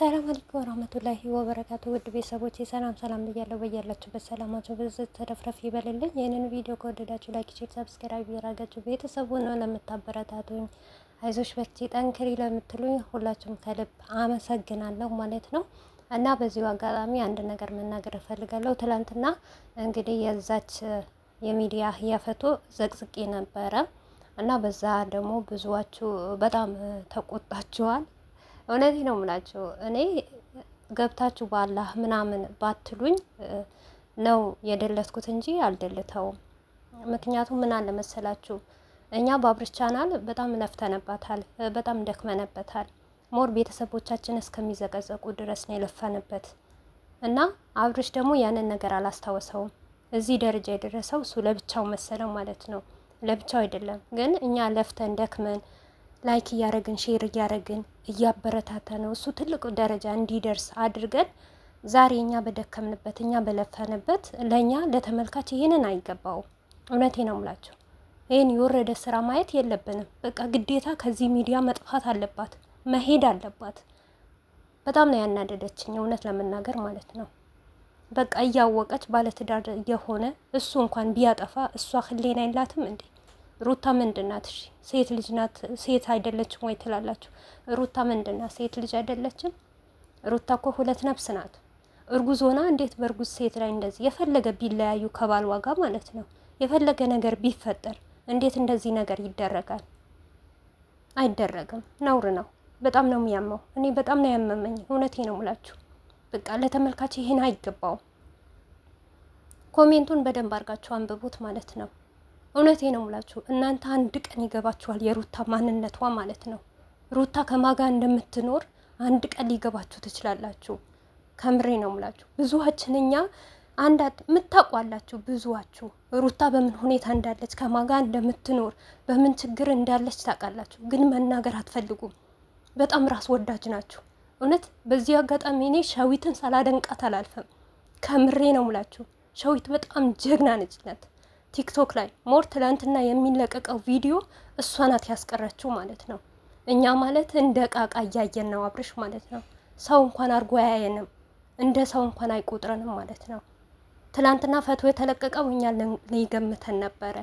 ሰላም አለይኩም ወራህመቱላሂ ወበረካቱ ውድ ቤተሰቦች ሰላም ሰላም ብያለሁ። በያላችሁበት ሰላማችሁ ብዙ ተረፍረፍ ይበልልኝ። ይህንን ቪዲዮ ከወደዳችሁ ላይክ፣ ሼር፣ ሰብስክራይብ ያደረጋችሁ ነው ለምታበረታቱኝ፣ አይዞሽ በርቺ ጠንክሪ ለምትሉኝ ሁላችሁም ከልብ አመሰግናለሁ ማለት ነው እና በዚሁ አጋጣሚ አንድ ነገር መናገር እፈልጋለሁ። ትላንትና እንግዲህ የዛች የሚዲያ ያፈቶ ዘቅዝቄ ነበረ እና በዛ ደግሞ ብዙዋችሁ በጣም ተቆጣችኋል። እውነቴ ነው የምላቸው እኔ ገብታችሁ ባላህ ምናምን ባትሉኝ ነው የደለትኩት እንጂ አልደልተውም። ምክንያቱም ምን አለ መሰላችሁ እኛ በአብርሽ ቻናል በጣም ለፍተንበታል፣ በጣም ደክመንበታል። ሞር ቤተሰቦቻችን እስከሚዘቀዘቁ ድረስ ነው የለፈንበት እና አብርሽ ደግሞ ያንን ነገር አላስታወሰውም። እዚህ ደረጃ የደረሰው እሱ ለብቻው መሰለው ማለት ነው። ለብቻው አይደለም ግን እኛ ለፍተን ደክመን ላይክ እያደረግን ሼር እያደረግን እያበረታተ ነው እሱ ትልቅ ደረጃ እንዲደርስ አድርገን ዛሬ እኛ በደከምንበት እኛ በለፈንበት ለእኛ ለተመልካች ይህንን አይገባውም። እውነቴ ነው ምላቸው ይህን የወረደ ስራ ማየት የለብንም። በቃ ግዴታ ከዚህ ሚዲያ መጥፋት አለባት መሄድ አለባት። በጣም ነው ያናደደችኝ እውነት ለመናገር ማለት ነው። በቃ እያወቀች ባለትዳር የሆነ እሱ እንኳን ቢያጠፋ እሷ ህሌና የላትም እንዴ? ሩታ ምንድን ናት? እሺ ሴት ልጅ ናት፣ ሴት አይደለችም ወይ ትላላችሁ? ሩታ ምንድን ናት? ሴት ልጅ አይደለችም? ሩታ እኮ ሁለት ነፍስ ናት። እርጉዝ ሆና እንዴት በእርጉዝ ሴት ላይ እንደዚህ የፈለገ ቢለያዩ ከባል ዋጋ ማለት ነው የፈለገ ነገር ቢፈጠር እንዴት እንደዚህ ነገር ይደረጋል? አይደረግም። ነውር ነው። በጣም ነው የሚያመው። እኔ በጣም ነው ያመመኝ። እውነቴ ነው ምላችሁ። በቃ ለተመልካች ይህን አይገባውም። ኮሜንቱን በደንብ አድርጋችሁ አንብቡት ማለት ነው። እውነቴ ነው ምላችሁ እናንተ አንድ ቀን ይገባችኋል፣ የሩታ ማንነቷ ማለት ነው። ሩታ ከማጋ እንደምትኖር አንድ ቀን ሊገባችሁ ትችላላችሁ። ከምሬ ነው ምላችሁ ብዙዋችን እኛ ምታቋላችሁ ብዙዋችሁ ሩታ በምን ሁኔታ እንዳለች ከማጋ እንደምትኖር በምን ችግር እንዳለች ታውቃላችሁ፣ ግን መናገር አትፈልጉም። በጣም ራስ ወዳጅ ናችሁ። እውነት በዚህ አጋጣሚ እኔ ሸዊትን ሳላደንቃት አላልፈም። ከምሬ ነው ሙላችሁ ሸዊት በጣም ጀግና ነች ናት። ቲክቶክ ላይ ሞር ትላንትና የሚለቀቀው ቪዲዮ እሷ ናት ያስቀረችው ማለት ነው። እኛ ማለት እንደ ቃቃ እያየን ነው አብርሽ ማለት ነው። ሰው እንኳን አርጎ አያየንም፣ እንደ ሰው እንኳን አይቆጥረንም ማለት ነው። ትላንትና ፈቶ የተለቀቀው እኛ ሊገምተን ነበረ።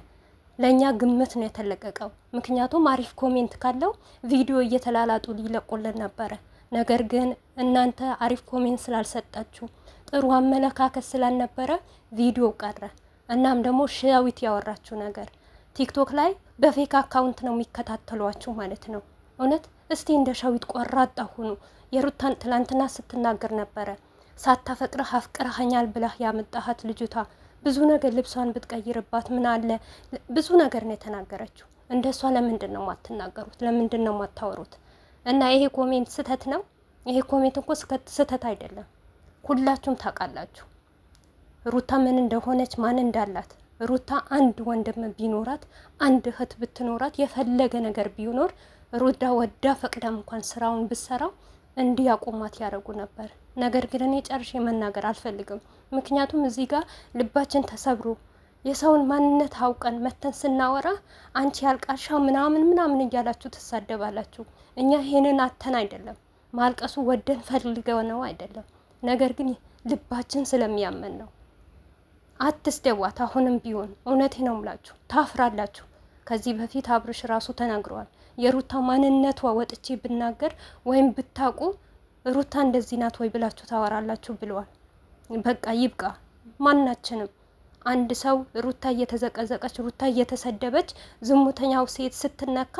ለእኛ ግምት ነው የተለቀቀው። ምክንያቱም አሪፍ ኮሜንት ካለው ቪዲዮ እየተላላጡ ሊለቁልን ነበረ። ነገር ግን እናንተ አሪፍ ኮሜንት ስላልሰጣችሁ ጥሩ አመለካከት ስላልነበረ ቪዲዮ ቀረ። እናም ደግሞ ሸያዊት ያወራችው ነገር ቲክቶክ ላይ በፌክ አካውንት ነው የሚከታተሏችሁ ማለት ነው። እውነት እስቲ እንደ ሸዊት ቆራጣ ሁኑ። የሩታን ትላንትና ስትናገር ነበረ ሳታፈቅረህ አፍቅረኸኛል ብላህ ያመጣሃት ልጅቷ ብዙ ነገር ልብሷን ብትቀይርባት ምን አለ ብዙ ነገር ነው የተናገረችው። እንደ እሷ ለምንድን ነው ማትናገሩት? ለምንድን ነው ማታወሩት? እና ይሄ ኮሜንት ስህተት ነው። ይሄ ኮሜንት እኮ ስህተት አይደለም፣ ሁላችሁም ታውቃላችሁ። ሩታ ምን እንደሆነች ማን እንዳላት ሩታ አንድ ወንድም ቢኖራት አንድ እህት ብትኖራት የፈለገ ነገር ቢኖር ሩዳ ወዳ ፈቅዳም እንኳን ስራውን ብሰራው እንዲያቆማት ያደርጉ ነበር። ነገር ግን እኔ ጨርሼ መናገር አልፈልግም። ምክንያቱም እዚህ ጋር ልባችን ተሰብሮ የሰውን ማንነት አውቀን መተን ስናወራ አንቺ ያልቃሻ ምናምን ምናምን እያላችሁ ትሳደባላችሁ። እኛ ይሄንን አተን አይደለም ማልቀሱ ወደን ፈልገው ነው አይደለም፣ ነገር ግን ልባችን ስለሚያመን ነው። አትስደዋት። አሁንም ቢሆን እውነቴ ነው ምላችሁ ታፍራላችሁ። ከዚህ በፊት አብርሽ ራሱ ተናግረዋል። የሩታ ማንነቷ ወጥቼ ብናገር ወይም ብታቁ ሩታ እንደዚህ ናት ወይ ብላችሁ ታወራላችሁ ብለዋል። በቃ ይብቃ። ማናችንም አንድ ሰው ሩታ እየተዘቀዘቀች ሩታ እየተሰደበች ዝሙተኛው ሴት ስትነካ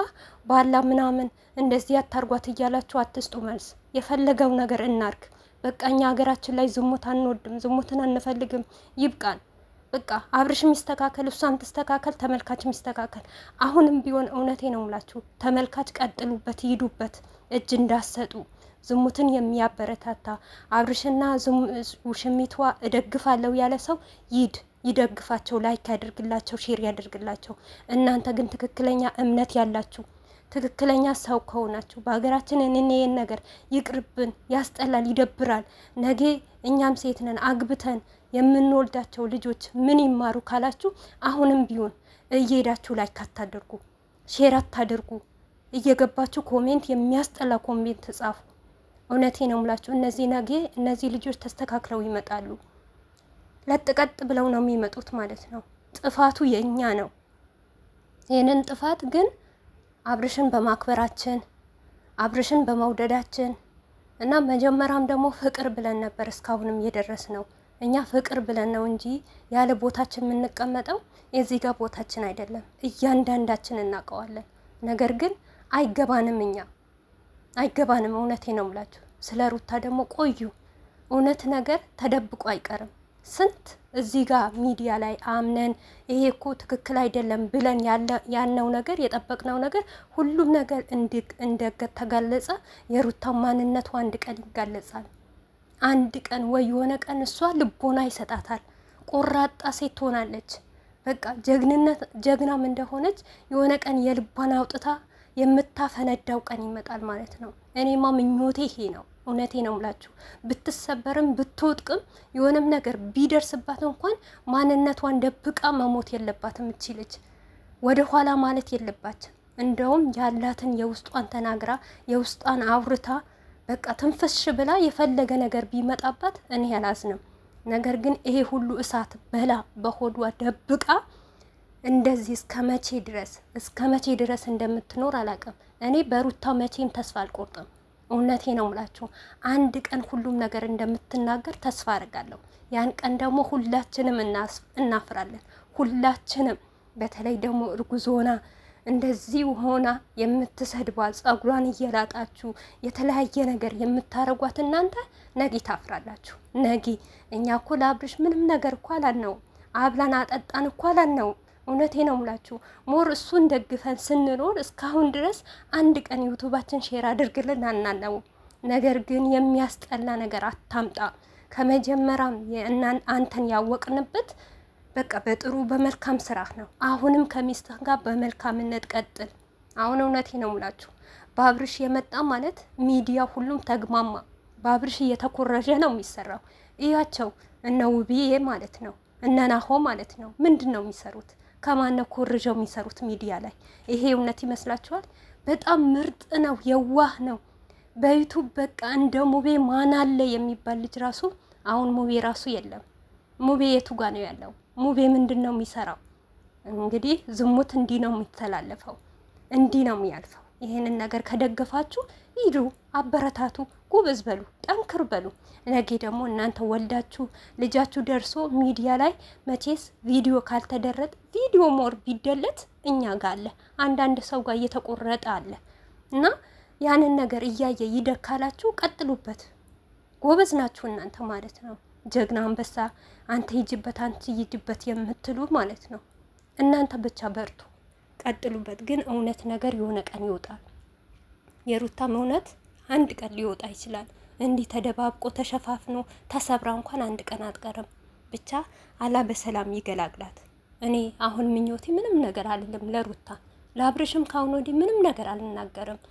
ባላ ምናምን እንደዚህ አታርጓት እያላችሁ አትስጡ መልስ። የፈለገው ነገር እናርግ። በቃ እኛ ሀገራችን ላይ ዝሙት አንወድም፣ ዝሙትን አንፈልግም፣ ይብቃን። በቃ አብርሽ የሚስተካከል እሷም ትስተካከል፣ ተመልካች የሚስተካከል። አሁንም ቢሆን እውነቴ ነው ምላችሁ፣ ተመልካች ቀጥሉበት፣ ይሂዱበት፣ እጅ እንዳሰጡ ዝሙትን የሚያበረታታ አብርሽና ውሽሚቷ እደግፋለሁ ያለ ሰው ይድ ይደግፋቸው፣ ላይክ ያደርግላቸው፣ ሼር ያደርግላቸው። እናንተ ግን ትክክለኛ እምነት ያላችሁ ትክክለኛ ሰው ከሆናችሁ በሀገራችን እንኔን ነገር ይቅርብን፣ ያስጠላል፣ ይደብራል። ነገ እኛም ሴት ነን አግብተን የምንወልዳቸው ልጆች ምን ይማሩ ካላችሁ አሁንም ቢሆን እየሄዳችሁ ላይክ አታደርጉ፣ ሼር አታደርጉ፣ እየገባችሁ ኮሜንት የሚያስጠላ ኮሜንት ጻፉ። እውነቴ ነው ምላችሁ፣ እነዚህ ነገ እነዚህ ልጆች ተስተካክለው ይመጣሉ። ለጥቀጥ ብለው ነው የሚመጡት ማለት ነው። ጥፋቱ የእኛ ነው። ይህንን ጥፋት ግን አብርሽን በማክበራችን አብርሽን በመውደዳችን እና መጀመሪያም ደግሞ ፍቅር ብለን ነበር እስካሁንም እየደረስ ነው። እኛ ፍቅር ብለን ነው እንጂ ያለ ቦታችን የምንቀመጠው የዚህ ጋር ቦታችን አይደለም። እያንዳንዳችን እናውቀዋለን። ነገር ግን አይገባንም፣ እኛ አይገባንም። እውነቴ ነው የምላችሁ። ስለ ሩታ ደግሞ ቆዩ፣ እውነት ነገር ተደብቆ አይቀርም። ስንት እዚህ ጋር ሚዲያ ላይ አምነን ይሄ እኮ ትክክል አይደለም ብለን ያልነው ነገር የጠበቅነው ነገር ሁሉም ነገር እንደተጋለጸ የሩታ ማንነቱ አንድ ቀን ይጋለጻል። አንድ ቀን ወይ የሆነ ቀን እሷ ልቦና ይሰጣታል። ቆራጣ ሴት ትሆናለች። በቃ ጀግንነት ጀግናም እንደሆነች የሆነ ቀን የልቧን አውጥታ የምታፈነዳው ቀን ይመጣል ማለት ነው። እኔማ ምኞቴ ይሄ ነው። እውነቴ ነው ምላችሁ ብትሰበርም ብትወጥቅም የሆነም ነገር ቢደርስባት እንኳን ማንነቷን ደብቃ መሞት የለባትም። እችልች ወደ ኋላ ማለት የለባትም። እንደውም ያላትን የውስጧን ተናግራ የውስጧን አውርታ በቃ ትንፍሽ ብላ የፈለገ ነገር ቢመጣባት እኔ አላዝንም። ነገር ግን ይሄ ሁሉ እሳት በላ በሆዷ ደብቃ እንደዚህ እስከ መቼ ድረስ እስከ መቼ ድረስ እንደምትኖር አላውቅም። እኔ በሩታ መቼም ተስፋ አልቆርጥም። እውነቴ ነው ምላችሁ፣ አንድ ቀን ሁሉም ነገር እንደምትናገር ተስፋ አድርጋለሁ። ያን ቀን ደግሞ ሁላችንም እናፍራለን። ሁላችንም በተለይ ደግሞ እርጉዞና እንደዚህ ሆና የምትሰድቧ ጸጉሯን እየላጣችሁ የተለያየ ነገር የምታረጓት እናንተ ነጊ ታፍራላችሁ። ነጊ እኛ እኮ ለአብርሽ ምንም ነገር እኮ አላልነውም። አብላን አጠጣን እኮ ነው። እውነቴ ነው ምላችሁ ሞር እሱን ደግፈን ስንኖር እስካሁን ድረስ አንድ ቀን ዩቱባችን ሼር አድርግልን አናለው። ነገር ግን የሚያስጠላ ነገር አታምጣ። ከመጀመሪያም አንተን ያወቅንበት በቃ በጥሩ በመልካም ስራ ነው። አሁንም ከሚስትህ ጋር በመልካምነት ቀጥል። አሁን እውነቴ ነው ምላችሁ በአብርሽ የመጣ ማለት ሚዲያ ሁሉም ተግማማ። በአብርሽ እየተኮረጀ ነው የሚሰራው። እያቸው እነ ውብዬ ማለት ነው እነ ናሆ ማለት ነው ምንድን ነው የሚሰሩት? ከማነ ኮርጀው የሚሰሩት ሚዲያ ላይ? ይሄ እውነት ይመስላችኋል? በጣም ምርጥ ነው፣ የዋህ ነው። በዩቱብ በቃ እንደ ሙቤ ማን አለ የሚባል ልጅ ራሱ አሁን ሙቤ ራሱ የለም። ሙቤ የቱ ጋ ነው ያለው? ሙቤ ምንድን ነው የሚሰራው? እንግዲህ ዝሙት እንዲህ ነው የሚተላለፈው፣ እንዲህ ነው የሚያልፈው። ይህንን ነገር ከደገፋችሁ ሂዱ፣ አበረታቱ፣ ጎበዝ በሉ፣ ጠንክር በሉ። ነገ ደግሞ እናንተ ወልዳችሁ ልጃችሁ ደርሶ ሚዲያ ላይ መቼስ ቪዲዮ ካልተደረጠ ቪዲዮ ሞር ቢደለት እኛ ጋለ አለ፣ አንዳንድ ሰው ጋር እየተቆረጠ አለ እና ያንን ነገር እያየ ይደካላችሁ፣ ቀጥሉበት። ጎበዝ ናችሁ እናንተ ማለት ነው። ጀግና አንበሳ፣ አንተ ሂጅበት፣ አንተ ሂጅበት የምትሉ ማለት ነው። እናንተ ብቻ በርቱ። ቀጥሉበት። ግን እውነት ነገር የሆነ ቀን ይወጣል። የሩታም እውነት አንድ ቀን ሊወጣ ይችላል። እንዲህ ተደባብቆ ተሸፋፍኖ ተሰብራ እንኳን አንድ ቀን አትቀርም። ብቻ አላ በሰላም ይገላግላት። እኔ አሁን ምኞቴ ምንም ነገር አልልም ለሩታ ለአብርሽም፣ ካሁን ወዲህ ምንም ነገር አልናገርም።